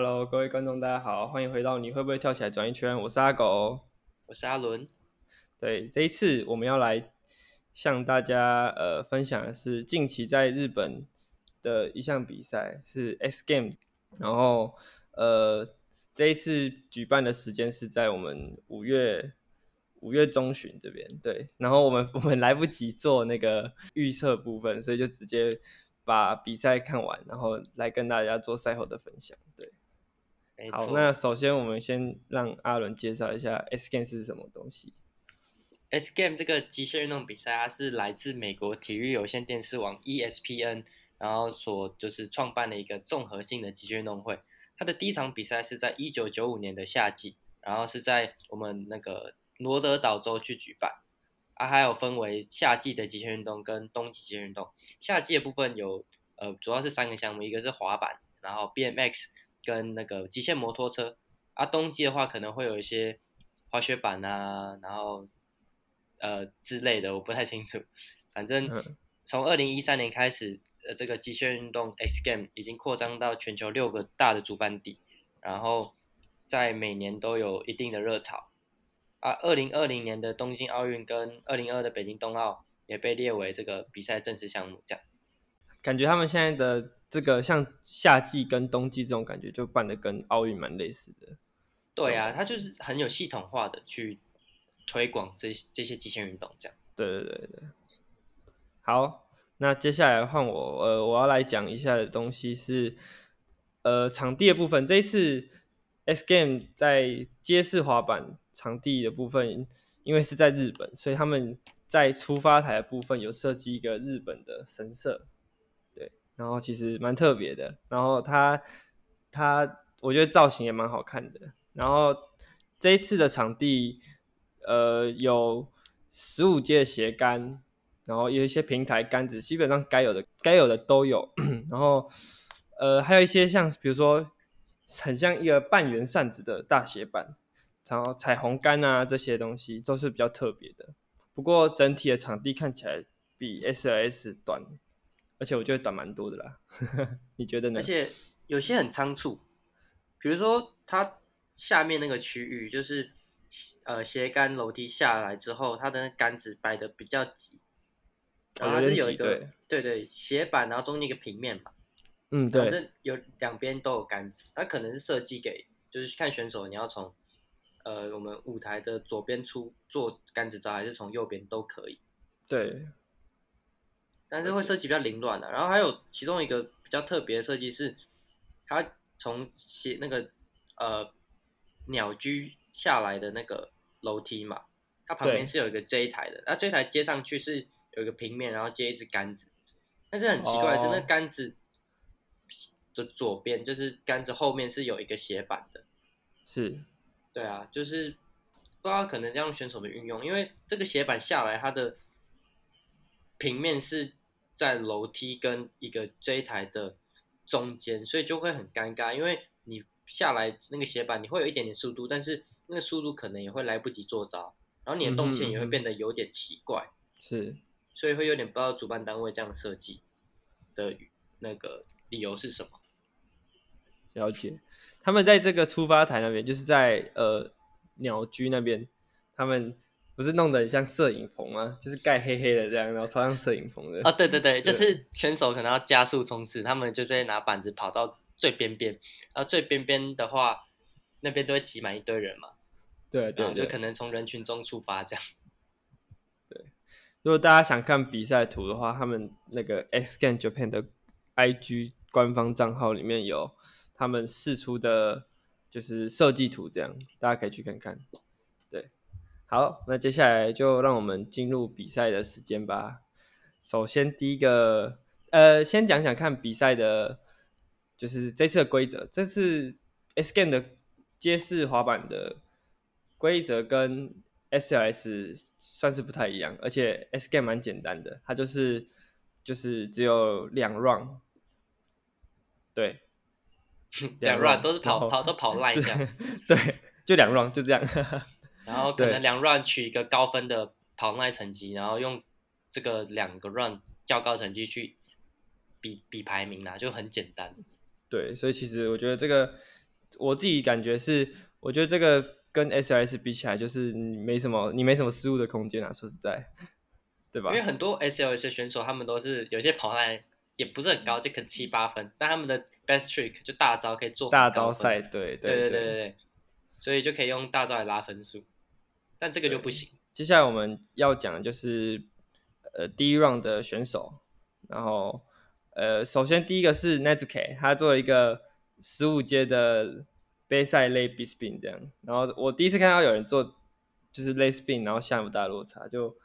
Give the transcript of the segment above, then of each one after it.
Hello，各位觀眾，大家好，歡迎回到你會不會跳起來轉一圈？我是阿狗，我是阿倫。對，這一次我們要來向大家呃分享的是近期在日本的一項比賽，是 X Game。然後呃，這一次舉辦的時間是在我們五月五月中旬這邊。對，然後我們我們來不及做那個預測部分，所以就直接把比賽看完，然後來跟大家做賽後的分享。對。好，那首先我們先讓阿倫介紹一下 X Game 是什麼東西。X Game 這個極限運動比賽、啊，它是來自美國體育有線電視網 ESPN，然後所就是創辦的一個綜合性的極限運動會。它的第一場比賽是在一九九五年的夏季，然後是在我們那個羅德島州去舉辦。它、啊、還有分為夏季的極限運動跟冬季極限運動。夏季的部分有呃，主要是三個項目，一個是滑板，然後 BMX。跟那個極限摩托車，啊，冬季的話可能會有一些滑雪板啊，然後呃之類的，我不太清楚。反正從二零一三年開始，呃，這個極限運動 Xgame 已經擴張到全球六個大的主辦地，然後在每年都有一定的熱潮。啊，二零二零年的東京奧運跟二零二二的北京冬奧也被列為這個比賽正式項目。這樣，感覺他們現在的。這個像夏季跟冬季這種感覺，就辦得跟奧運蠻類似的。對啊，它就是很有系統化的去推廣這這些極限運動，這樣。對對對對。好，那接下來換我，呃，我要來講一下的東西是，呃，場地的部分。這一次 Xgame 在街式滑板場地的部分因，因為是在日本，所以他們在出發台的部分有設計一個日本的神社。然後其實蠻特別的，然後它，它我覺得造型也蠻好看的。然後這一次的場地，呃，有十五階的斜桿，然後有一些平台桿子，基本上該有的該有的都有。然後呃還有一些像比如說很像一個半圓扇子的大斜板，然後彩虹桿啊這些東西都是比較特別的。不過整體的場地看起來比 SLS 短。而且我覺得短蠻多的啦呵呵，你覺得呢？而且有些很倉促，比如說它下面那個區域，就是呃斜桿樓梯下來之後，它的桿子擺得比較擠，然後它是有一個、喔、有對，對對斜板，然後中間一個平面嘛，嗯對，反正有兩邊都有桿子，它可能是設計給就是看選手你要從呃我們舞台的左邊出做桿子招，還是從右邊都可以，對。但是會設計比較凌亂的、啊，然後還有其中一個比較特別的設計是，它從斜那個呃鳥居下來的那個樓梯嘛，它旁邊是有一個 J 台的，那、啊、J 台接上去是有一個平面，然後接一支杆子，但是很奇怪的是，那杆子的左邊、哦、就是杆子後面是有一個斜板的，是，對啊，就是不知道可能這樣選手的運用，因為這個斜板下來它的平面是。在樓梯跟一個追台的中間，所以就會很尷尬，因為你下來那個斜板，你會有一點點速度，但是那個速度可能也會來不及做招，然後你的動線也會變得有點奇怪，嗯哼嗯哼，是，所以會有點不知道主辦單位這樣設計的那個理由是什麼。了解，他們在這個出發台那邊，就是在呃鳥居那邊，他們。不是弄得很像攝影棚嗎？就是蓋黑黑的這樣，然後超像攝影棚的。哦，對對對，對就是選手可能要加速衝刺，他們就直接拿板子跑到最邊邊，然後最邊邊的話，那邊都會擠滿一堆人嘛。對對，對，嗯，就可能從人群中出發這樣。對，如果大家想看比賽的圖的話，他們那個 Xgame Japan 的 IG 官方賬號裡面有他們釋出的，就是設計圖這樣，大家可以去看看。好，那接下來就讓我們進入比賽的時間吧。首先，第一個，呃，先講講看比賽的，就是這次的規則。這次 X Game 的街式滑板的規則跟 SLS 算是不太一樣，而且 X Game 蠻簡單的，它就是就是只有兩 run 對，兩 run 都是跑跑都跑爛一樣，對，就兩 run 就這樣。 然後可能兩 run 取一個高分的跑耐成績，然後用這個兩個 run 較高成績去比比排名啊，就很簡單。對，所以其實我覺得這個我自己感覺是，我覺得這個跟 SLS 比起來就是你沒什麼，你沒什麼失誤的空間啊，說實在，對吧？因為很多 SLS 選手他們都是有些跑耐也不是很高，就可能七八分，但他們的 best trick 就大招可以做大招賽，對對對對對，所以就可以用大招來拉分數。但這個就不行。接下來我們要講的就是，呃，第一 round 的選手。然後，呃，首先第一個是 Netsuke，他做了一個十五階的杯賽類 bispin 這樣。然後我第一次看到有人做就是類 bispin 然後下午大落差，就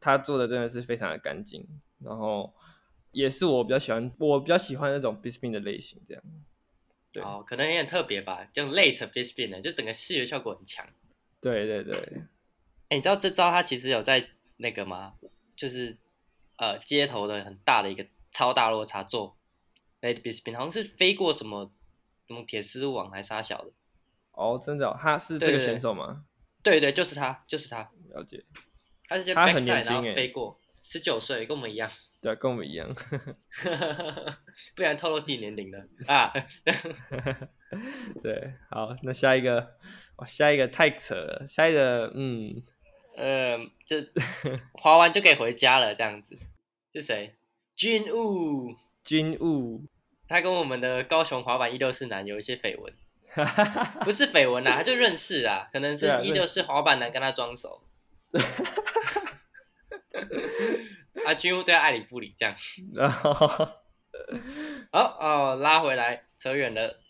他做的真的是非常的乾淨。然後也是我比較喜歡，我比較喜歡那種 bispin 的類型這樣。對，哦，可能有點特別吧，這種 late bispin 呢，就整個視覺效果很強。對對對，哎、欸，你知道這招他其實有在那個嗎？就是呃，街頭的很大的一個超大落差做，哎，比斯賓好像是飛過什麼什麼鐵絲網還是殺小的。哦，真的、哦，他是這個選手嗎？對對對，對對，就是他，就是他。了解。他是些白，然後飛過，十九歲跟我們一樣。對、啊，跟我們一樣。 不然透露自己年齡的啊？ 對，好，那下一個。哦，下一個太扯了，下一個，嗯，呃，這滑完就可以回家了，這樣子。 是誰？軍務，軍務，他跟我們的高雄滑板一六四男有一些緋聞， 不是緋聞啦，他就認識啊，可能是一六四滑板男跟他裝熟， 啊，軍務對他愛理不理這樣。 好哦，拉回來，扯遠了。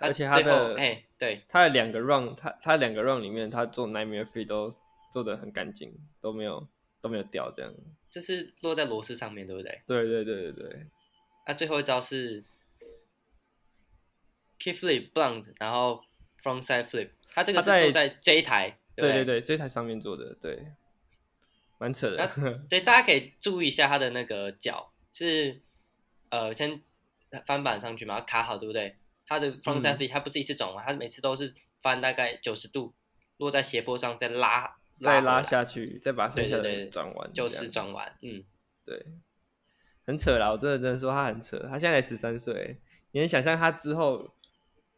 而且他的、啊、最後對他的兩個 run，他他兩個 run 裡面，他做 Nightmare Free 都做的很乾淨，都沒有都沒有掉，這樣就是落在螺絲上面，對不對？對對對對對。那、啊、最後一招是 key flip blunt 然後 frontside flip，他這個是坐在這一台在對對，對對對，這一台上面做的，對，蠻扯的。對，大家可以注意一下他的那個腳是呃，先翻板上去嘛，卡好，對不對？他的方轉體，他不是一次轉完，他每次都是翻大概九十度，落在斜坡上再拉，拉，再拉下去，再把剩下的轉完，九十轉完。嗯，對，很扯啦，我真的真的說他很扯。他現在才十三歲，你能想象他之後，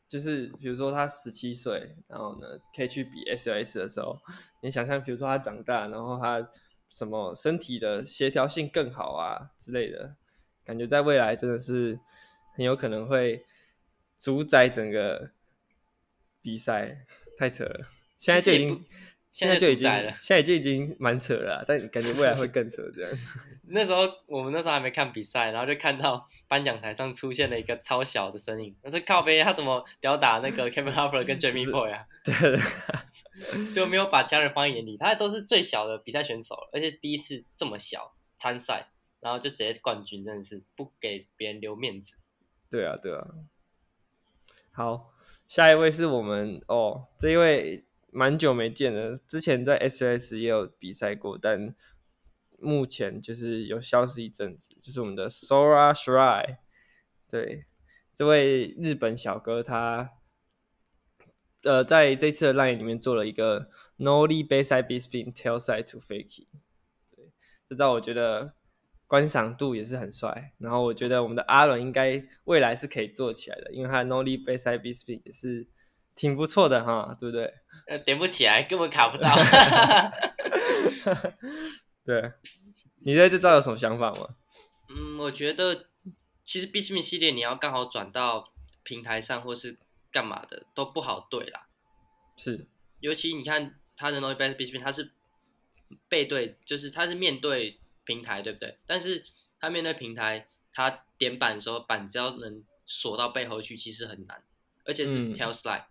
就是比如說他十七歲，然後呢可以去比 SLS 的時候，你想象，比如說他長大，然後他什麼身體的協調性更好啊之類的，感覺在未來真的是很有可能會主宰整個比賽，太扯了！現在就已經，現在,已經現,在現在就已經，現在就已經蠻扯了。但感覺未來會更扯，這樣。 那時候我們那時候還沒看比賽，然後就看到頒獎台上出現了一個超小的身影。那是靠北他怎麼吊打那個 Kelvin Hoefler 跟 Jamie Foy 啊？ 對，對 就沒有把其他人放在眼裡，他都是最小的比賽選手，而且第一次這麼小參賽，然後就直接冠軍，真的是不給別人留面子。對啊，對啊。好，下一位是我們哦，這一位蠻久沒見的，之前在 SLS 也有比賽過，但目前就是有消失一陣子，就是我們的 Sora Shirai，對，這位日本小哥他，呃，在這次的 Line 裡面做了一個 Nollie backside bigspin tailslide to fakie，對，這讓我覺得。觀賞度也是很帥，然後我覺得我們的阿倫應該未來是可以做起來的，因為他的 Nollie Backside Bigspin 也是挺不錯的哈，對不對？呃，點不起來，根本卡不到。 對，你對這招有什麼想法嗎？嗯，我覺得其實 Bigspin 系列你要剛好轉到平台上或是幹嘛的都不好對啦。是，尤其你看他的 Nollie Backside Bigspin，他是背對，就是他是面對。平台對不對？但是他面對平台，他點板的時候，板只要能鎖到背後去，其實很難，而且是跳 slide、嗯。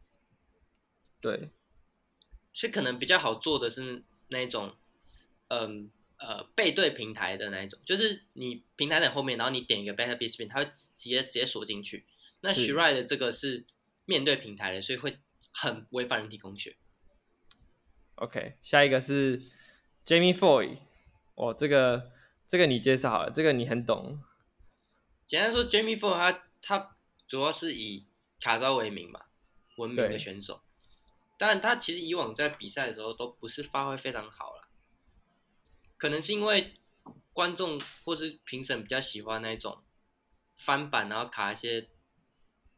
對，所以可能比較好做的是那一種，嗯呃背對平台的那一種，就是你平台在後面，然後你點一個 back piece pin，它會直接直接鎖進去。那 slide 的這個是面對平台的，所以會很違反人體工學。OK，下一個是 Jamie Foy。哦，這個這個你介紹好了，這個你很懂。簡單說，Jamie Foy 他他主要是以卡招聞名嘛，聞名的選手。但他其實以往在比賽的時候都不是發揮非常好了，可能是因為觀眾或是評審比較喜歡那種翻板，然後卡一些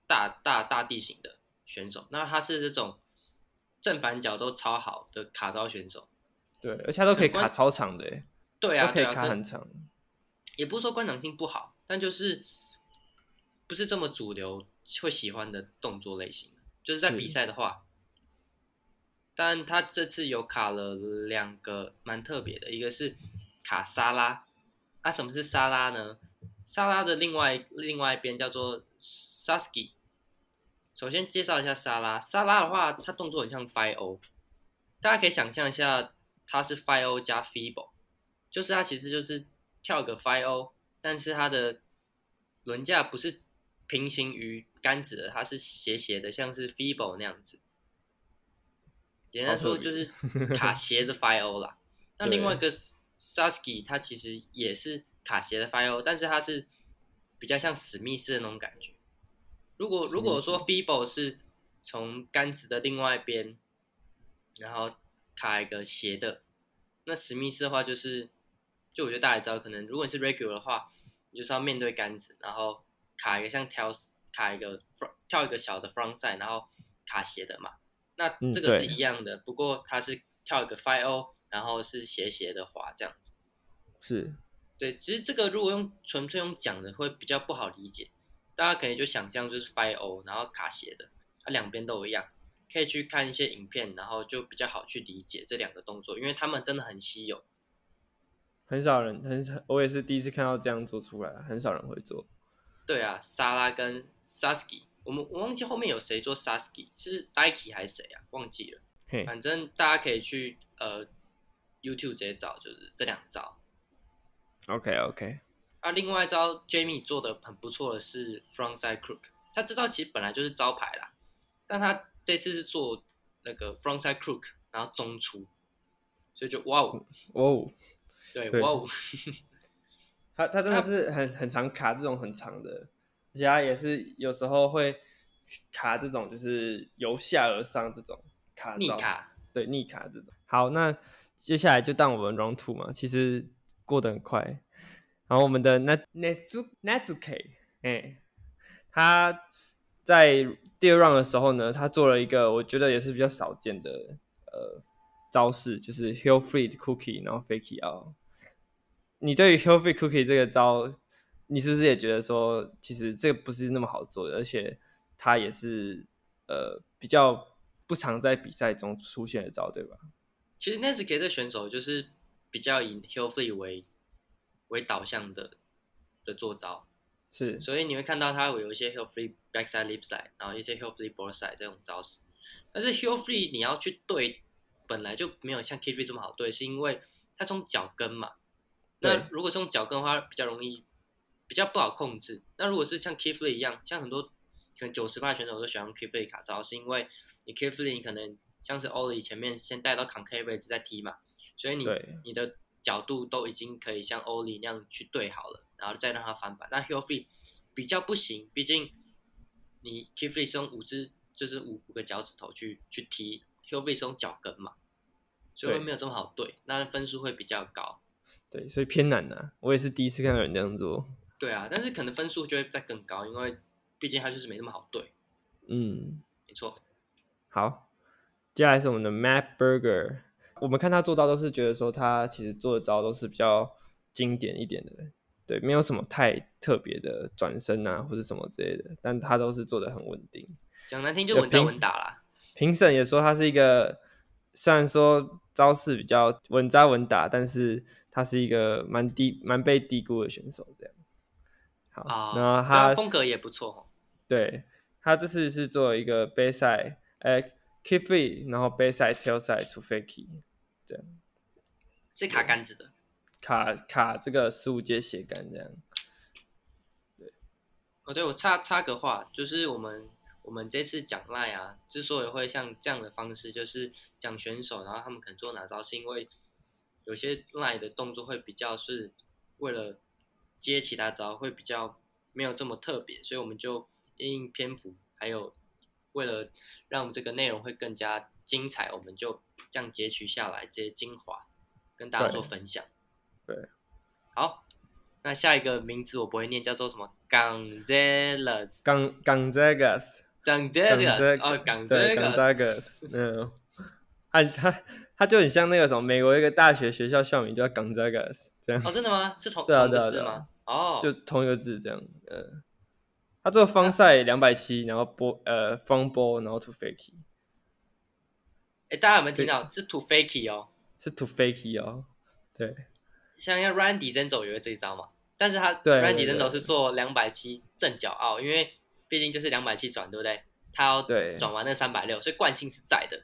大大大大地形的選手。那他是這種正反腳都超好的卡招選手。對，而且他都可以卡超長的。對啊，okay, 對啊，卡很長，也不是說觀賞性不好，但就是不是這麼主流會喜歡的動作類型，就是在比賽的話。但他這次有卡了兩個蠻特別的，一個是卡沙拉啊，什麼是沙拉呢？沙拉的另外另外一邊叫做 Suski。首先介紹一下沙拉，沙拉的話，他動作很像5-0，大家可以想象一下他，它是5-0加 feeble 就是它其實就是跳個5-0但是它的輪架不是平行於杆子的，它是斜斜的，像是 feeble 那樣子。簡單說就是卡斜的5-0啦。 那另外一個 Suski，它其實也是卡斜的5-0但是它是比較像史密斯的那種感覺。如果如果說 feeble 是從杆子的另外一邊，然後卡一個斜的，那史密斯的話就是。就我覺得大家知道，可能如果你是 regular 的話，你就是要面對桿子，然後卡一個像跳卡一個跳一個小的 front side，然後卡斜的嘛。那這個是一樣的，嗯、不過它是跳一個5-0然後是斜斜的滑這樣子。是，對，其實這個如果用純粹用講的會比較不好理解，大家可能就想象就是5-0然後卡斜的，它兩邊都一樣，可以去看一些影片，然後就比較好去理解這兩個動作，因為他們真的很稀有。很少人，很少，我也是第一次看到這樣做出來，很少人會做。對啊，沙拉跟 Susie，我們我忘記後面有誰做 Susie，是 Daiki 還是誰啊？忘記了。Hey. 反正大家可以去呃 YouTube 直接找，就是這兩招。OK OK，啊，另外一招 Jamie 做的很不錯的是 Frontside Crook，他這招其實本來就是招牌啦，但他這次是做那個 Frontside Crook，然後中出，所以就哇哦哇哦。對，對，哇哦 他，他他真的是很很常卡這種很長的，而且他也是有時候會卡這種，就是由下而上這種卡逆卡，對逆卡這種。好，那接下來就當我們 round two 嘛，其實過得很快。然後我們的 Net Natsu Netsuke 哎，他在第二 round 的時候呢，他做了一個我覺得也是比較少見的呃招式，就是 Heelflip Crookie，然後 Fakie out。你對於 heelflip cookie 這個招，你是不是也覺得說，其實這個不是那麼好做的，而且它也是呃比較不常在比賽中出現的招，對吧？其實那次給的選手就是比較以 heelflip 為為導向的的做招，是，所以你會看到他會有一些 heelflip backside lipslide，然後一些 heelflip boardslide 這種招式。但是 heelflip 你要去對，本來就沒有像 kickflip 這麼好對，是因為它從腳跟嘛。那如果是用腳跟的話，比較容易，比較不好控制。那如果是像 kickflip 一樣，像很多可能九十八的選手都喜歡 kickflip 的卡招，是因為你 kickflip 你可能像是 Ollie 前面先帶到 concave 位置再踢嘛，所以你你的角度都已經可以像 Ollie 那樣去對好了，然後再讓他翻板。那 heelflip 比較不行，畢竟你 kickflip 是用五只就是五五個腳趾頭去去踢 heelflip 是用腳跟嘛，所以會沒有這麼好對，對，那分數會比較高。對，所以偏難吶、啊。我也是第一次看到人這樣做。對啊，但是可能分數就會再更高，因為畢竟他就是沒那麼好對。嗯，沒錯。好，接下來是我們的 Matt Berger。我們看他做到都是覺得說他其實做的招都是比較經典一點的，對，沒有什麼太特別的轉身啊或者什麼之類的，但他都是做得很穩定。講難聽就穩紮穩打啦。評審也說他是一個，雖然說。招式比較穩紮穩打，但是他是一個蠻低，蠻被低估的選手，這樣。好，然後、哦、他、啊、風格也不錯、哦。對，他這次是做一個杯賽，哎 kickflip 然後杯賽 tailslide to fakie，這樣。是卡桿子的。卡卡這個十五階斜桿這樣。對。哦，對我插插個話，就是我們。我們這次講賴啊，之所以會像這樣的方式，就是講選手，然後他們可能做哪招，是因為有些賴的動作會比較是為了接其他招會比較沒有這麼特別，所以我們就因篇幅，還有為了讓我們這個內容會更加精彩，我們就這樣截取下來這些精華，跟大家做分享對。對，好，那下一個名字我不會念，叫做什麼？Gonzales、Gonzales 港扎 格、喔、格，對，港扎格，嗯，他他他就很像那個什麼，美國一個大學學校校名，叫港扎格，這樣。哦，真的嗎？是同、啊、同一個字嗎？哦、啊，啊 oh. 就同一個字這樣，嗯。他做方賽兩百七，然後波、啊、呃方波，然後土 fakey。哎、欸，大家有沒有聽到？是土 fakey 哦，是土 fakey 哦，對。對像要 randy dengel 有這一招嘛，但是他 randy dengel 是做兩百七正角澳，因為。畢竟就是兩百七轉，對不對？他要轉完那三百六，所以慣性是在的。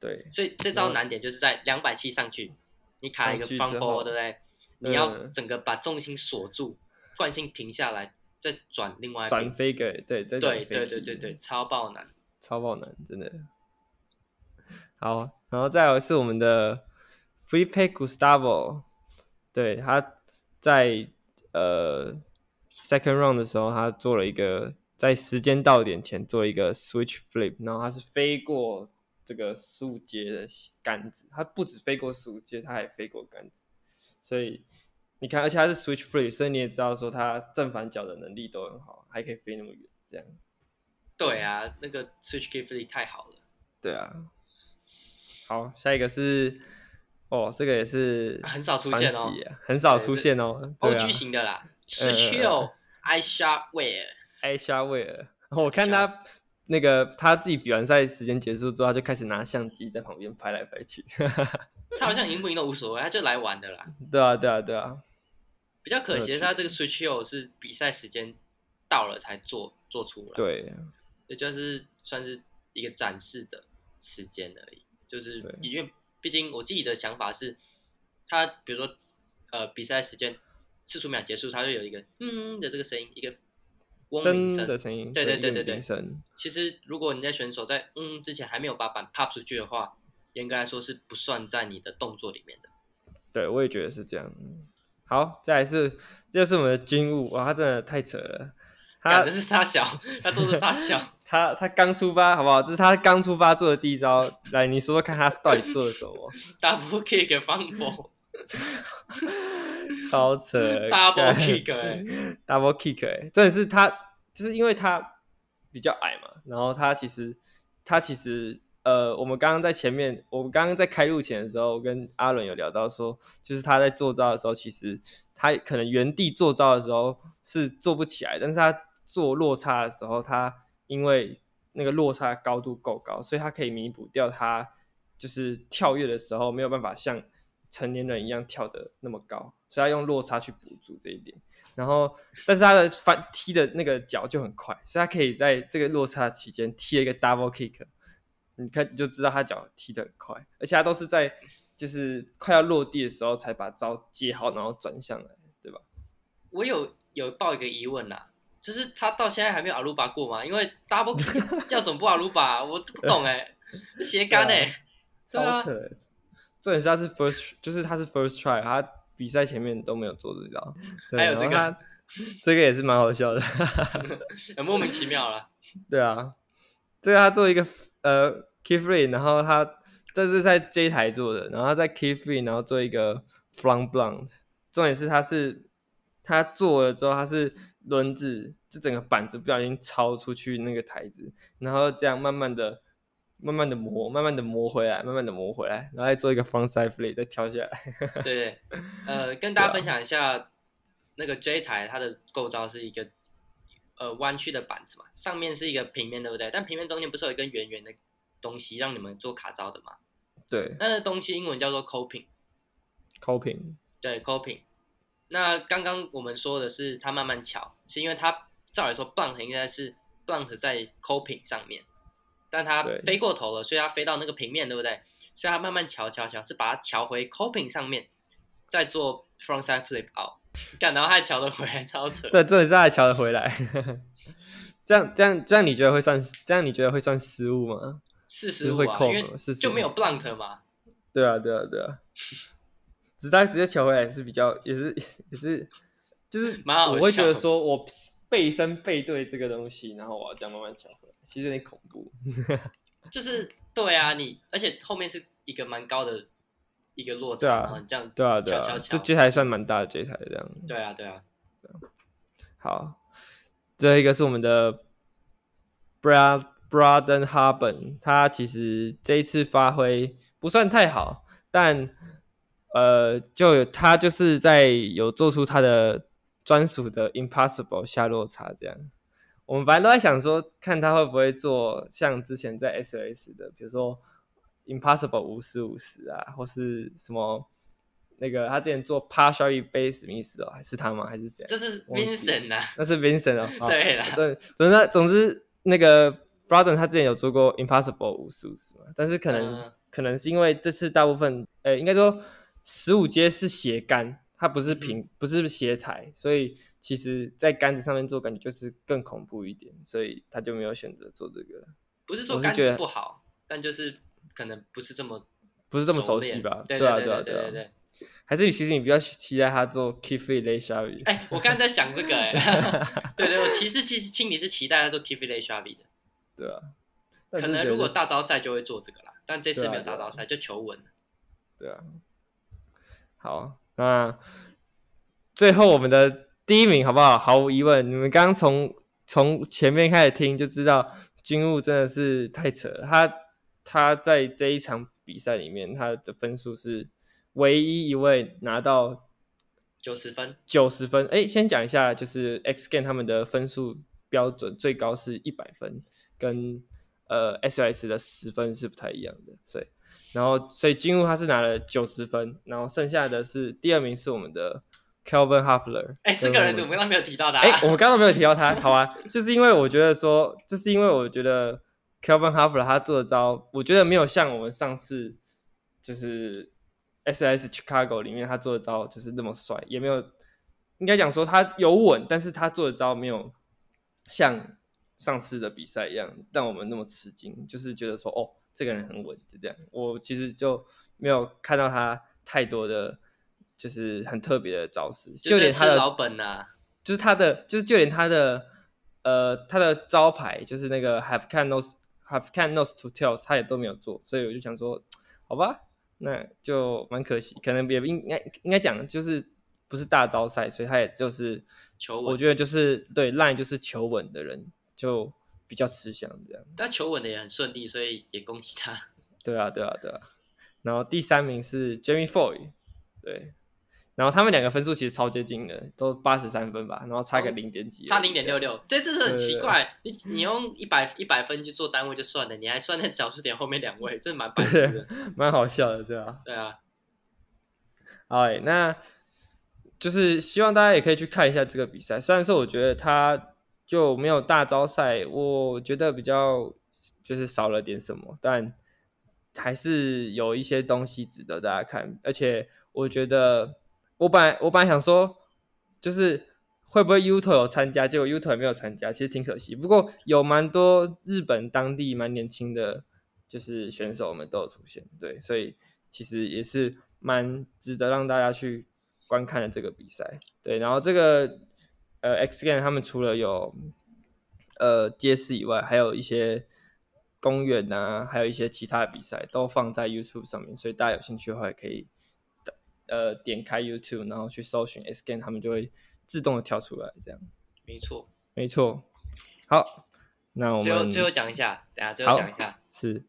對，所以這招難點就是在兩百七上去，你卡一個方波，對不對,對？你要整個把重心鎖住，嗯、慣性停下來，再轉另外一。一轉飛給對,對,對，對對對對對，超爆難，超爆難，真的。好，然後再有是我們的 Felipe Gustavo，對，他在呃。Second round 的時候，他做了一個在時間到點前做一個 switch flip，然後他是飛過這個豎接的杆子，他不止飛過豎接，他還飛過杆子，所以你看，而且他是 switch flip，所以你也知道說他正反腳的能力都很好，還可以飛那麼遠，這樣、嗯。對啊，那個 switch flip 太好了。對啊。好，下一個是，哦，這個也是很少出現哦，很少出現哦，O 型的啦。Switch heel，I shot where，I shot where，然後我看他那個、那個、他自己比完賽時間結束之後，他就開始拿相機在旁邊拍來拍去。 他好像贏不贏都無所謂，他就來玩的啦。 對啊，對啊，對啊。比較可惜的是他這個 switch heel 是比賽時間到了才做做出來。對，也就是算是一個展示的時間而已。就是因為畢竟我自己的想法是，他比如說呃比賽時間。四十秒結束，它就有一個“嗯，嗯”的這個聲音，一個嗡的聲音。對，對對對對對，其實，如果你在選手在“嗯”之前還沒有把板 pop 出去的話，嚴格來說是不算在你的動作裡面的。對，我也覺得是這樣。好，再來是，這就是我們的金物哇，他真的太扯了。他講的是沙小，他做的是沙小。他他剛出發，好不好？這是他剛出發做的第一招。來，你說說看，他到底做了什麼 ？Double kickflip 超扯 ！Double kick，哎、欸、 ，Double kick，哎、欸，真的是他，就是因為他比較矮嘛。然後他其實，他其實，呃，我們剛剛在前面，我們剛剛在開錄前的時候，跟阿倫有聊到說，就是他在做招的時候，其實他可能原地做招的時候是做不起來，但是他做落差的時候，他因為那個落差高度夠高，所以他可以彌補掉他就是跳躍的時候沒有辦法像成年人一樣跳的那麼高，所以他用落差去補足這一點。然後，但是他的反踢的那個腳就很快，所以他可以在這個落差期間踢一個 double kick。你看你就知道他腳踢的很快，而且他都是在就是快要落地的時候才把招接好，然後轉向來，對吧？我有有抱一個疑問啦、啊，就是他到現在還沒有阿魯巴過嗎？因為 double kick 要怎麼不阿魯巴、啊？ 我不懂哎、欸 啊，斜杆哎、欸，好扯、啊。重點是他是 first，就是他是 first try，他比賽前面都沒有做這招、個。還有這個，這個也是蠻好笑的，很 莫名其妙了。 對啊，這個他做一個呃 key free，然後他這是在 J 台做的，然後他在 key free，然後做一個 front blunt。重點是他是他做了之後，他是輪子就整個板子不小心超出去那個台子，然後這樣慢慢的。慢慢的磨，慢慢的磨回來，慢慢的磨回來，然後再做一個 frontside flip 再跳下來。 對，對，呃，跟大家分享一下，啊、那個 J 台它的構造是一個呃彎曲的板子嘛，上面是一個平面，對不對？但平面中間不是有一個圓圓的東西讓你們做卡招的嘛？對。那個東西英文叫做 coping。coping。對 coping。那剛剛我們說的是它慢慢翹，是因為它照理說 bounce 應該是 bounce 在 coping 上面。但他飛過頭了，所以他飛到那個平面，對不對？所以他慢慢瞧瞧瞧，是把它橋回 coping 上面，再做 frontside flip out。幹，然後他還橋得回來，超扯。對，這、就、也是他瞧得回來。這樣這樣這樣，這樣這樣你覺得會算？這樣你覺得會算失誤嗎？是失誤，會扣。是就沒有 blunt 嗎？對啊，對啊，對啊。 直接直接橋回來是比較，也是也是，就是蠻好。我會覺得說，我背身背對這個東西，然後我要這樣慢慢橋。其實有點恐怖， 就是對啊，你而且後面是一個蠻高的一個落差，對啊、然後你這樣敲敲敲敲對啊對啊，這這台算蠻大的這台這樣，對啊對啊。好，這一個是我們的 Brad Braden Harben，r 他其實這一次發揮不算太好，但呃，就他就是在有做出他的專屬的 Impossible 下落差這樣。我們反正都在想說，看他會不會做像之前在 SLS 的，比如說 Impossible 五十五十啊，或是什麼那個他之前做 Partial Base Smith 哦，還是他嗎？還是誰？這是 Vincent 啊，那是 Vincent 哦。 對了、哦，總總之總之那個 Frodden 他之前有做過 Impossible 五十五十嘛，但是可能、嗯、可能是因為這次大部分呃、欸、應該說十五階是斜杆。他不是平、嗯，不是斜台，所以其實，在杆子上面做，感覺就是更恐怖一點，所以他就沒有選擇做這個。不是說杆子不好，但就是可能不是這麼不是這麼熟悉吧？對啊，對對對對對，對，還是其實你比較期待他做 kickflip late shuv。哎，我剛剛在想這個哎、欸，對對，我其實其實心裡是期待他做 kickflip late shuv 的。對、so、啊、yeah, haz，可能如果大招賽就會做這個啦，但這次沒有大招賽就求穩。對啊，好。啊，最後我們的第一名好不好？毫無疑問，你們剛從從前面開始聽就知道，金物真的是太扯了。他他在這一場比賽裡面，他的分數是唯一一位拿到九十分，九十分。哎、欸，先講一下，就是 X Game 他們的分數標準最高是一百分，跟呃 s s 的十分是不太一樣的，所以。然後，所以金屋他是拿了九十分，然後剩下的是第二名是我們的 Kelvin Hoefler 哎，這個人怎麼剛沒有提到的，啊。哎、欸，我們剛剛都沒有提到他，好啊， 就是因為我覺得說，就是因為我覺得 Kelvin Hoefler 他做的招，我覺得沒有像我們上次就是 SLS Chicago 裡面他做的招就是那麼帥，也沒有應該講說他有穩，但是他做的招沒有像上次的比賽一樣讓我們那麼吃驚，就是覺得說哦。這個人很穩，就這樣。我其實就沒有看到他太多的，就是很特別的招式。就連他的就老本啊就是他的，就是就連他的，呃，他的招牌，就是那個 have can no s have can no s t o t e l l 他也都沒有做。所以我就想說，好吧，那就蠻可惜。可能別應該應該講，就是不是大招賽，所以他也就是求穩。我覺得就是對，e 就是求穩的人就。比較吃香這樣，但求穩的也很順利，所以也恭喜他。對啊，對啊，對啊。然後第三名是 Jamie f o y d 對。然後他們兩個分數其實超接近的，都八十三分吧，然後差個零點幾，差零點六六。這次是很奇怪，啊、你你用一百一百分去做單位就算了，你還算在小數點後面兩位，真蠻的蠻的、啊，蠻好笑的，對啊。對啊。哎、欸，那就是希望大家也可以去看一下這個比賽，雖然說我覺得他。就沒有大招賽，我覺得比較就是少了點什麼，但還是有一些東西值得大家看。而且我覺得，我本來我本來想說，就是會不會 Yuto 有參加，結果 Yuto 也沒有參加，其實挺可惜。不過有蠻多日本當地蠻年輕的，就是選手們都有出現，對，所以其實也是蠻值得讓大家去觀看的這個比賽。對，然後這個。呃，X Game 他們除了有呃街式以外，還有一些公園吶、啊，還有一些其他的比賽都放在 YouTube 上面，所以大家有興趣的話，也可以呃點開 YouTube，然後去搜尋 X Game 他們就會自動的跳出來。這樣。沒錯，沒錯。好，那我們最後最後講一下，等下最後講一下。是。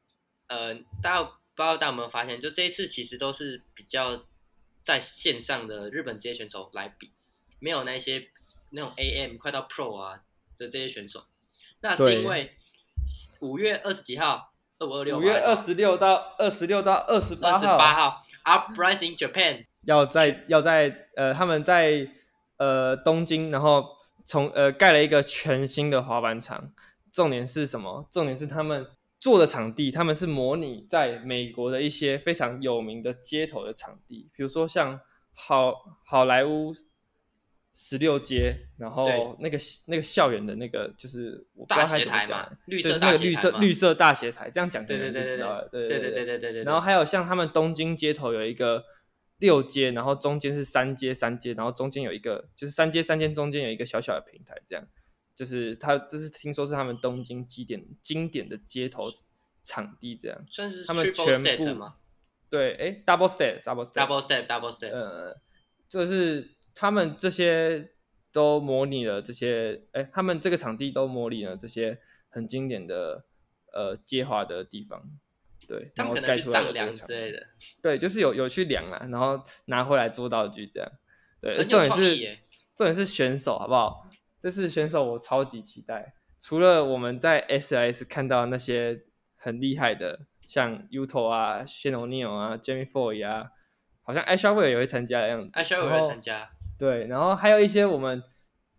呃，大家不知道大家有沒有發現，就這一次其實都是比較在線上的日本職業選手來比，沒有那些。那種 AM 快到 Pro 啊的這些選手，那是因為五月二十幾號，二五二六，五月二十六到二十六到二十八號，Uprising Japan 要在要在呃他們在呃東京，然後從呃蓋了一個全新的滑板場，重點是什麼？重點是他們做的場地，他們是模擬在美國的一些非常有名的街頭的場地，比如說像好好萊塢。十六階，然後那個、那個、那個校園的那個就是我不知道他怎麼講，就是那個綠色綠色大斜台，這樣講可能就知道了。對對對對對對。然後還有像他們東京街頭有一個六階，然後中間是三階，三階然後中間有一個就是三階，三階中間有一個小小的平台，這樣就是他就是聽說是他們東京基典經典的街頭場地這樣。算是 double step 嗎？對，哎，double step，double step，double step，double step，呃，這、就是。他們這些都模擬了這些、欸，他們這個場地都模擬了這些很經典的呃街滑的地方，對，然後蓋出來這個場，他們可能去丈量之類的。對，就是有有去量啊，然後拿回來做道具這樣。對，而且重點是，重點是選手好不好？這次選手我超級期待，除了我們在 SLS 看到那些很厲害的，像 Yuto 啊、Shinonio 啊、Jamie Foy 啊，好像 Ishod Wair 也會參加的樣子。Ishod Wair 也會參加。對，然後還有一些我們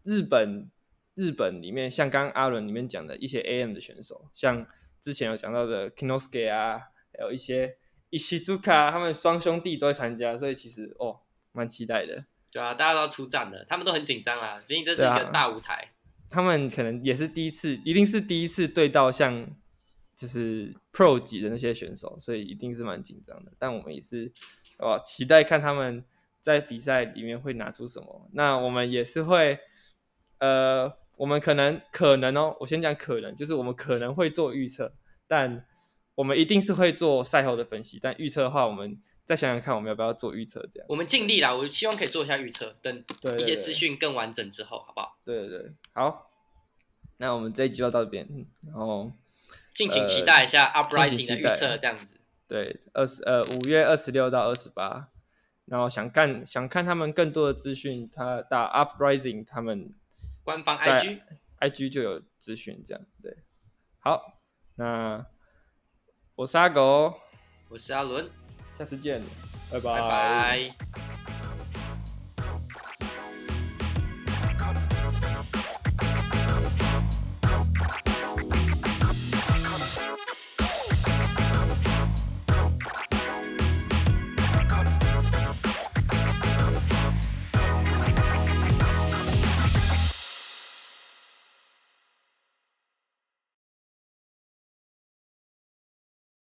日本日本裡面，像剛剛阿倫裡面講的一些 AM 的選手，像之前有講到的 Kinosuke 啊，還有一些 Ishizuka 他們雙兄弟都會參加，所以其實哦，蠻期待的。對啊，大家都要出戰的，他們都很緊張啦、啊，畢竟這是一個大舞台，啊。他們可能也是第一次，一定是第一次對到像就是 Pro 級的那些選手，所以一定是蠻緊張的。但我們也是哇，期待看他們。在比賽裡面會拿出什麼？那我們也是會，呃，我們可能可能哦，我先講可能，就是我們可能會做預測，但我們一定是會做賽後的分析。但預測的話，我們再想想看，我們要不要做預測？這樣，我們盡力啦，我希望可以做一下預測，等一些資訊更完整之後，對對對，好不好？對對對，好，那我們這一集就到這邊，然後敬請期待一下 Uprising 的預測，這樣子。嗯、對，二十呃五月二十六到二十八。然後想看想看他們更多的資訊，他打 Uprising 他們官方 IG，IG IG 就有資訊這樣，對，好，那我是阿狗，我是阿倫，下次見，拜拜。拜拜